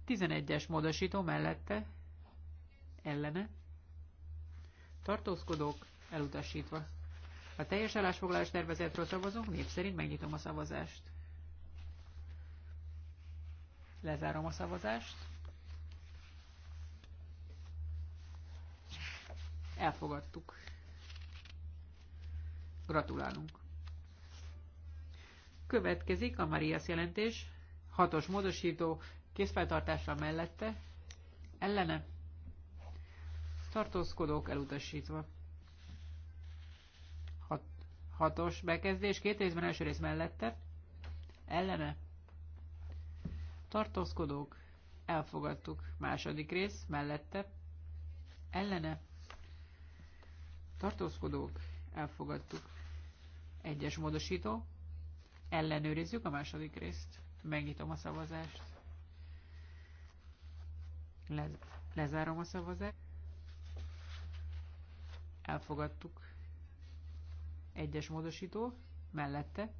11-es módosító mellette. Ellene. Tartózkodók elutasítva. A teljes állásfoglalás tervezetről szavazunk, név szerint megnyitom a szavazást. Lezárom a szavazást. Elfogadtuk. Gratulálunk! Következik a Marias jelentés, hatos módosító készfeltartásra mellette, ellene, tartózkodók elutasítva. Hat, hatos bekezdés, két részben első rész mellette, ellene, tartózkodók, elfogadtuk. Második rész, mellette, ellene, tartózkodók, elfogadtuk. Egyes módosító. Ellenőrizzük a második részt. Megnyitom a szavazást. Lez lezárom a szavazást. Elfogadtuk. Egyes módosító. Mellette.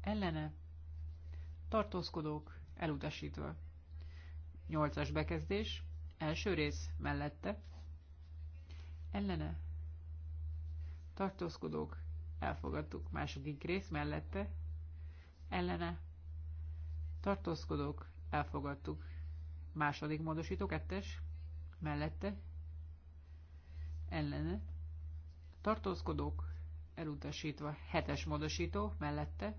Ellene. Tartózkodók. Elutasítva. Nyolcas bekezdés. Első rész. Mellette. Ellene. Tartózkodók elfogadtuk. Második rész mellette, ellene, tartózkodók, elfogadtuk. Második módosító, kettes, mellette, ellene, tartózkodók, elutasítva. Hetes módosító, mellette,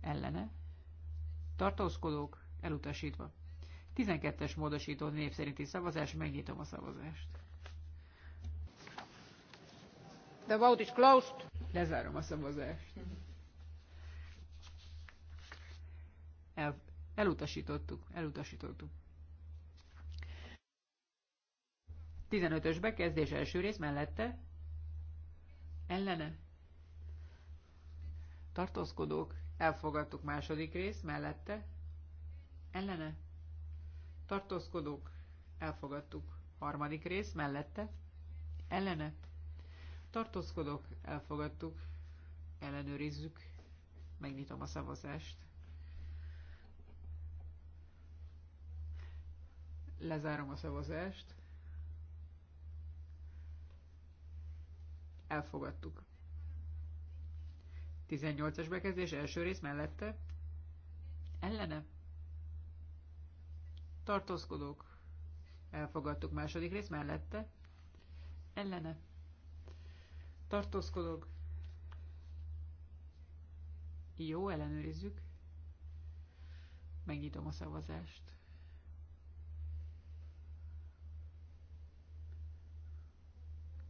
ellene, tartózkodók, elutasítva. 12-es módosító név szerinti szavazás, megnyitom a szavazást. The vote is closed. Lezárom a szavazást. El, elutasítottuk, elutasítottuk. 15-ös bekezdés első rész mellette. Ellene. Tartózkodók. Elfogadtuk második rész mellette. Ellene. Tartózkodók. Elfogadtuk harmadik rész mellette. Ellene tartózkodok, elfogadtuk, ellenőrizzük, megnyitom a szavazást. Lezárom a szavazást. Elfogadtuk. 18-as bekezdés első rész mellette. Ellene. Tartózkodók. Elfogadtuk második rész mellette. Ellene tartózkodok. Jó, ellenőrizzük. Megnyitom a szavazást.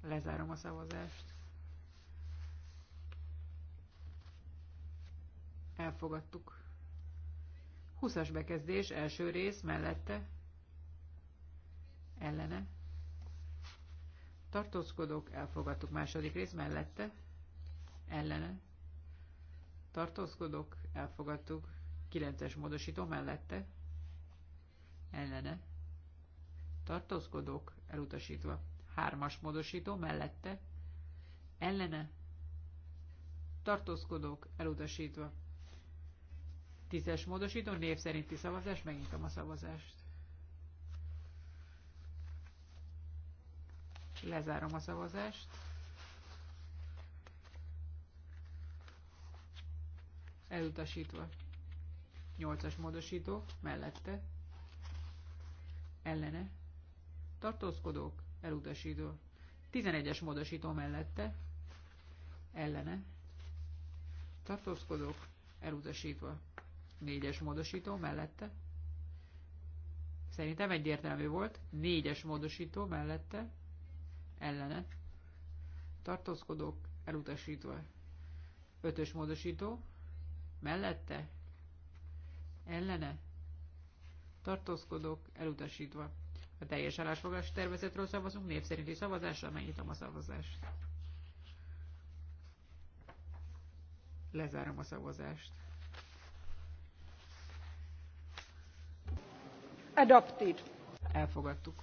Lezárom a szavazást. Elfogadtuk. 20-as bekezdés, első rész, mellette, ellene, tartózkodok, elfogadtuk második rész mellette, ellene, tartózkodok, elfogadtuk kilences módosító mellette, ellene, tartózkodok, elutasítva, hármas módosító mellette, ellene, tartózkodok, elutasítva, tízes módosító, név szerinti szavazás, megnyitom a szavazást. Lezárom a szavazást. Elutasítva. 8-as módosító, mellette, ellene, tartózkodók, elutasító. 11-es módosító mellette, ellene, tartózkodók, elutasítva. 4-es módosító mellette, szerintem egyértelmű volt, 4-es módosító mellette, ellene tartózkodók elutasítva. Ötös módosító mellette ellene tartózkodók elutasítva. A teljes állásfoglalás tervezetről szavazunk név szerinti szavazással, megnyitom a szavazást. Lezárom a szavazást. Adopted. Elfogadtuk.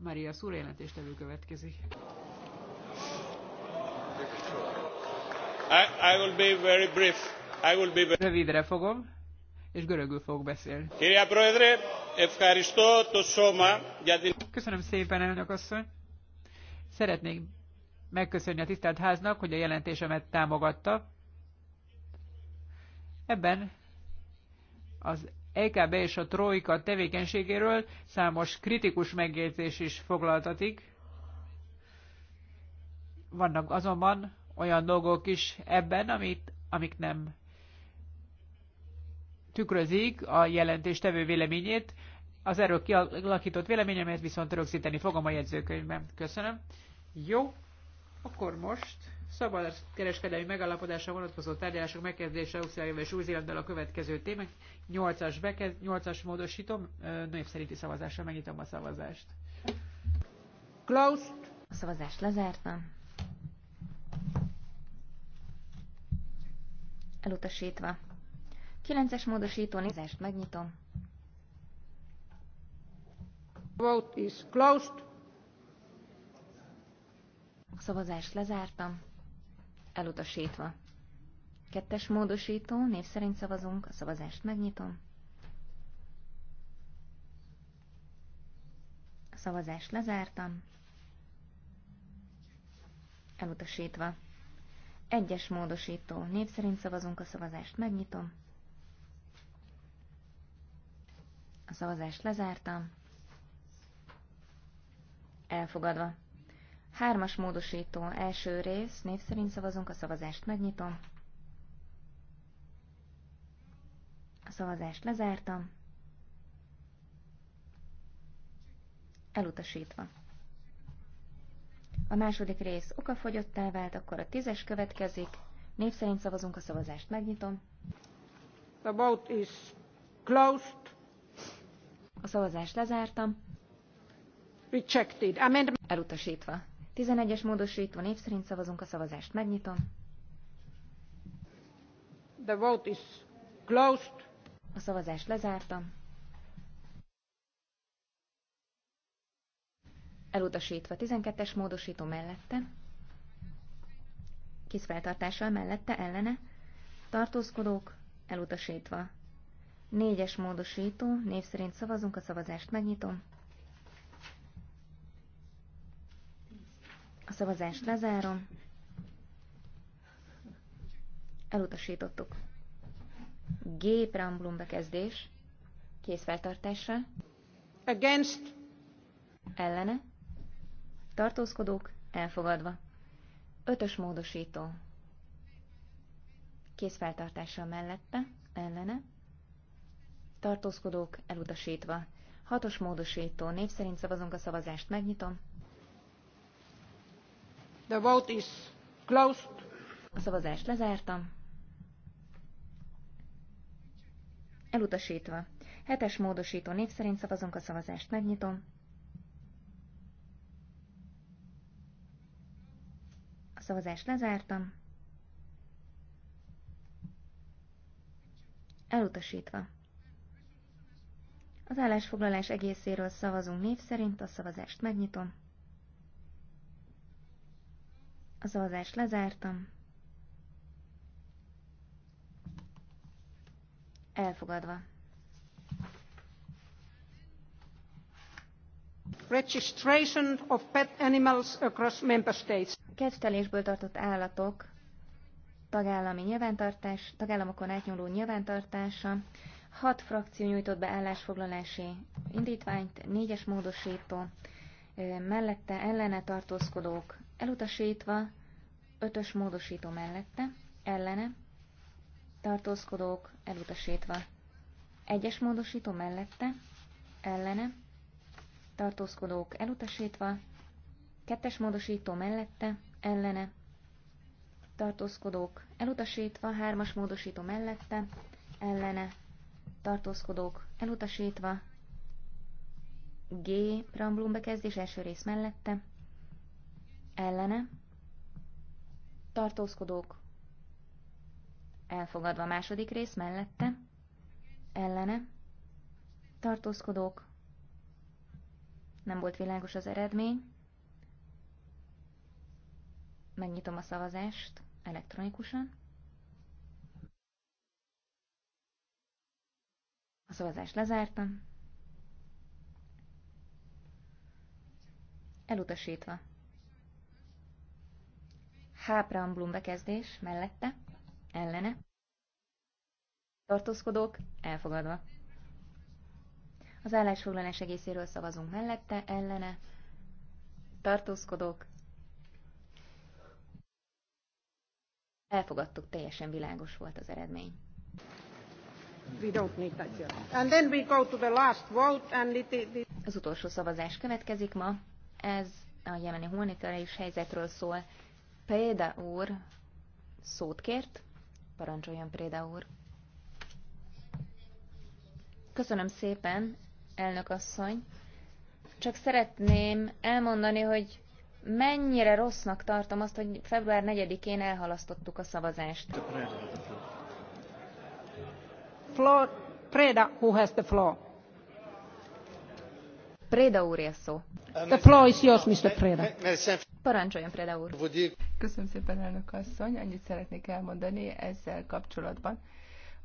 Maria Szúr jelentéstevő következik. I, I will be very brief. I will be very... Rövidre fogom, és görögül fogok beszélni. Köszönöm szépen, elnök asszony. Szeretnék megköszönni a tisztelt háznak, hogy a jelentésemet támogatta. Ebben az EKB és a Troika tevékenységéről számos kritikus megjegyzés is foglaltatik. Vannak azonban olyan dolgok is ebben, amit, amik nem tükrözik a tevő véleményét. Az erről kialakított véleményemet viszont rögzíteni fogom a jegyzőkönyvben. Köszönöm. Jó, akkor most szabad kereskedelmi megállapodásra vonatkozó tárgyalások megkezdése Ausztráliával és új a következő témák. 8-as, bekez, 8-as módosítom, név szerinti szavazásra megnyitom a szavazást. Closed. A szavazást lezártam. Elutasítva. 9-es módosító nézést megnyitom. Vote is closed. A szavazást lezártam elutasítva. Kettes módosító, név szerint szavazunk, a szavazást megnyitom. A szavazást lezártam. Elutasítva. Egyes módosító, név szerint szavazunk, a szavazást megnyitom. A szavazást lezártam. Elfogadva. Hármas módosító első rész, név szerint szavazunk, a szavazást megnyitom. A szavazást lezártam. Elutasítva. A második rész okafogyottá vált, akkor a tízes következik. Név szerint szavazunk, a szavazást megnyitom. The vote is closed. A szavazást lezártam. Rejected. Amendment. Elutasítva. 11-es módosító név szerint szavazunk a szavazást. Megnyitom. The vote is closed. A szavazást lezártam. Elutasítva 12-es módosító mellette. Kis feltartással mellette ellene. Tartózkodók elutasítva. Négyes módosító, név szerint szavazunk, a szavazást megnyitom. A szavazást lezárom. Elutasítottuk. G. Preambulum bekezdés. feltartásra. Against. Ellene. Tartózkodók. Elfogadva. Ötös módosító. feltartása mellette. Ellene. Tartózkodók. Elutasítva. Hatos módosító. Név szerint szavazunk a szavazást. Megnyitom. The vote is closed. A szavazást lezártam. Elutasítva. Hetes módosító név szerint szavazunk a szavazást. Megnyitom. A szavazást lezártam. Elutasítva. Az állásfoglalás egészéről szavazunk név szerint, a szavazást megnyitom. Az szavazást lezártam. Elfogadva. Registration of pet animals across member states. Kedvtelésből tartott állatok tagállami nyilvántartás, tagállamokon átnyúló nyilvántartása. Hat frakció nyújtott be állásfoglalási indítványt, négyes módosító, mellette ellene tartózkodók elutasítva, ötös módosító mellette, ellene, tartózkodók elutasítva, egyes módosító mellette, ellene, tartózkodók elutasítva, kettes módosító mellette, ellene, tartózkodók elutasítva, hármas módosító mellette, ellene, tartózkodók elutasítva, G. Ramblum bekezdés első rész mellette, ellene, tartózkodók, elfogadva a második rész mellette, ellene, tartózkodók, nem volt világos az eredmény, megnyitom a szavazást elektronikusan, a szavazást lezártam, elutasítva. H. Preambulum bekezdés mellette, ellene. Tartózkodók elfogadva. Az állásfoglalás egészéről szavazunk mellette, ellene. Tartózkodók. Elfogadtuk, teljesen világos volt az eredmény. We don't need that here. And then we go to the last vote and it, Az utolsó szavazás következik ma. Ez a jemeni humanitárius helyzetről szól. Préda úr szót kért. Parancsoljon, Préda úr. Köszönöm szépen, elnök asszony. Csak szeretném elmondani, hogy mennyire rossznak tartom azt, hogy február 4-én elhalasztottuk a szavazást. Floor, Preda, who has the floor? Preda úr szó. The floor is yours, Mr. Preda. Parancsoljon, Preda úr! Köszönöm szépen, elnök asszony. Annyit szeretnék elmondani ezzel kapcsolatban,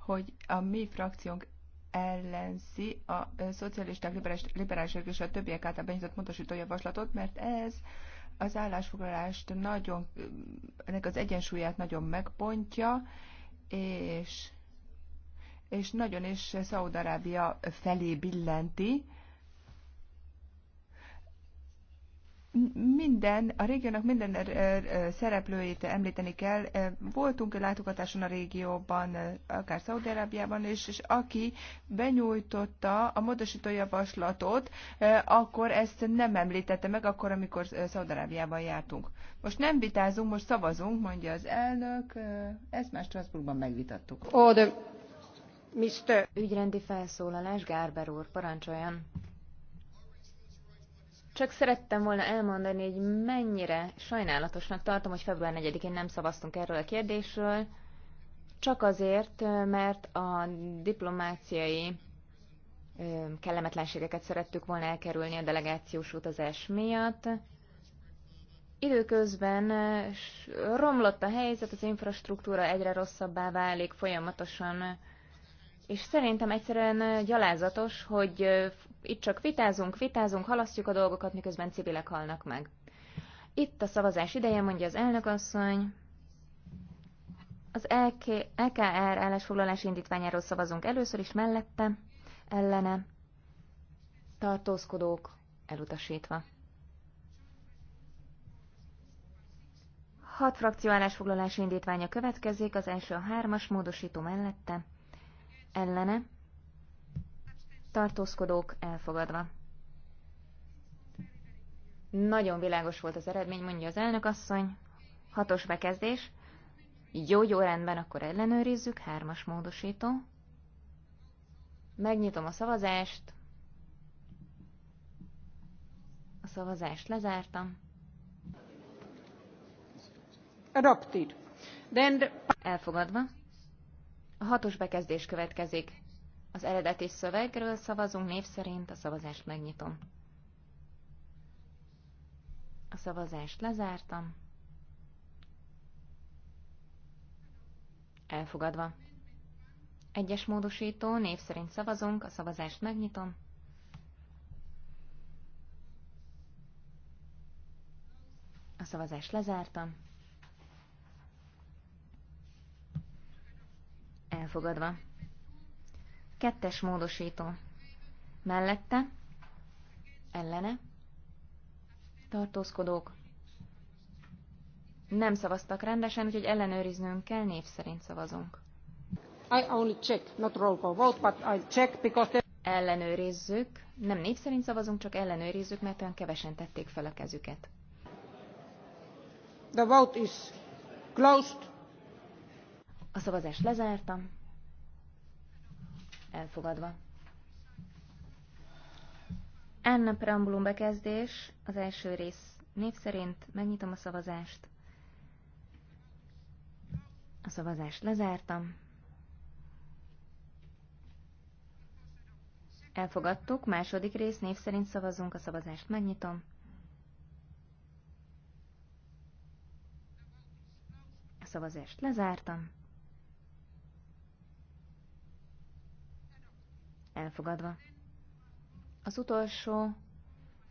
hogy a mi frakciónk ellenzi a szocialisták, liberális, liberálisok és a többiek által benyújtott módosító javaslatot, mert ez az állásfoglalást nagyon, ennek az egyensúlyát nagyon megbontja, és, és nagyon is Szaudarábia felé billenti, minden, a régiónak minden szereplőjét említeni kell. Voltunk látogatáson a régióban, akár Szaudarábiában is, és aki benyújtotta a módosító javaslatot, akkor ezt nem említette meg, akkor, amikor Szaudarábiában jártunk. Most nem vitázunk, most szavazunk, mondja az elnök. Ezt már Strasbourgban megvitattuk. de... Mr. Ügyrendi felszólalás, Gárber úr, parancsoljon. Csak szerettem volna elmondani, hogy mennyire sajnálatosnak tartom, hogy február 4-én nem szavaztunk erről a kérdésről, csak azért, mert a diplomáciai kellemetlenségeket szerettük volna elkerülni a delegációs utazás miatt. Időközben romlott a helyzet, az infrastruktúra egyre rosszabbá válik folyamatosan, és szerintem egyszerűen gyalázatos, hogy itt csak vitázunk, vitázunk, halasztjuk a dolgokat, miközben civilek halnak meg. Itt a szavazás ideje, mondja az elnökasszony. Az LK, LKR állásfoglalási indítványáról szavazunk először is mellette, ellene, tartózkodók elutasítva. Hat frakció állásfoglalási indítványa következik, az első a hármas módosító mellette, ellene, tartózkodók elfogadva. Nagyon világos volt az eredmény, mondja az elnökasszony. Hatos bekezdés. Jó, jó, rendben, akkor ellenőrizzük. Hármas módosító. Megnyitom a szavazást. A szavazást lezártam. Adopted. Then Elfogadva. A hatos bekezdés következik. Az eredeti szövegről szavazunk név szerint, a szavazást megnyitom. A szavazást lezártam. Elfogadva. Egyes módosító, név szerint szavazunk, a szavazást megnyitom. A szavazást lezártam. Elfogadva. Kettes módosító. Mellette, ellene, tartózkodók. Nem szavaztak rendesen, úgyhogy ellenőriznünk kell, név szerint szavazunk. I only check, not roll call vote, but I check because Ellenőrizzük. Nem név szerint szavazunk, csak ellenőrizzük, mert olyan kevesen tették fel a kezüket. The vote is closed. A szavazást lezártam elfogadva. Enne preambulum bekezdés, az első rész név szerint megnyitom a szavazást. A szavazást lezártam. Elfogadtuk, második rész név szerint szavazunk, a szavazást megnyitom. A szavazást lezártam. Elfogadva. Az utolsó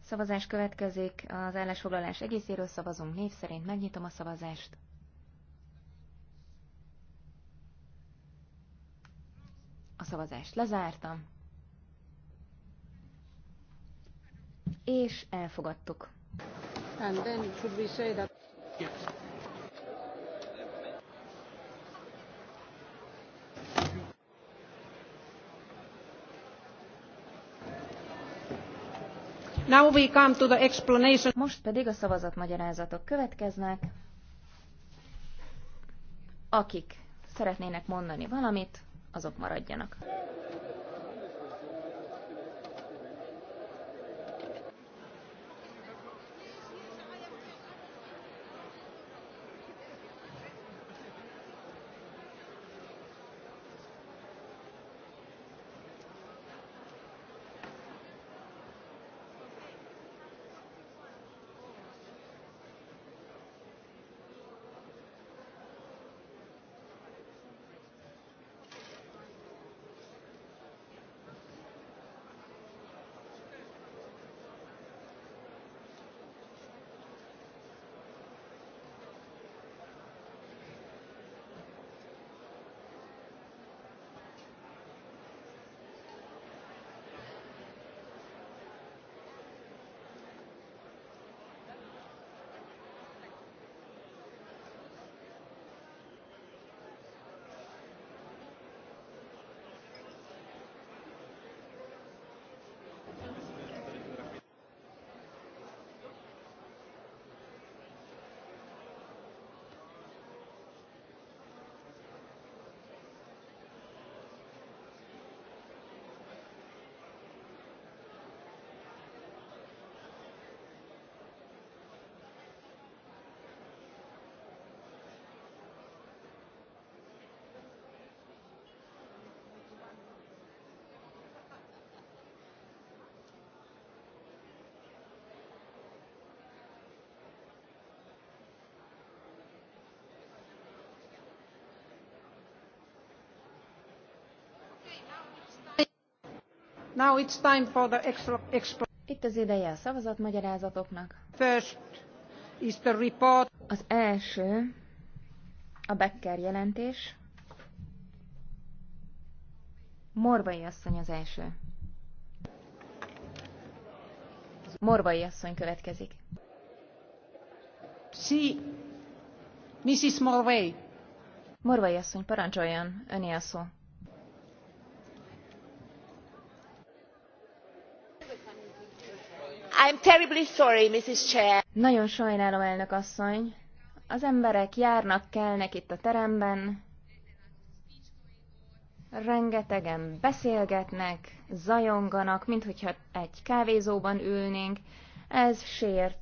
szavazás következik, az állásfoglalás egészéről szavazunk név szerint, megnyitom a szavazást. A szavazást lezártam. És elfogadtuk. And then should we say that... yes. Now we come to the explanation. Most pedig a szavazatmagyarázatok következnek. Akik szeretnének mondani valamit, azok maradjanak. Now it's time for the Itt az ideje a szavazatmagyarázatoknak. First is the report. Az első a Becker jelentés. Morvai asszony az első. Morvai asszony következik. Si, Mrs. Morvai. Morvai asszony, parancsoljon, öné a szó. Nagyon sajnálom, elnök asszony. Az emberek járnak, kelnek itt a teremben. Rengetegen beszélgetnek, zajonganak, minthogyha egy kávézóban ülnénk. Ez sért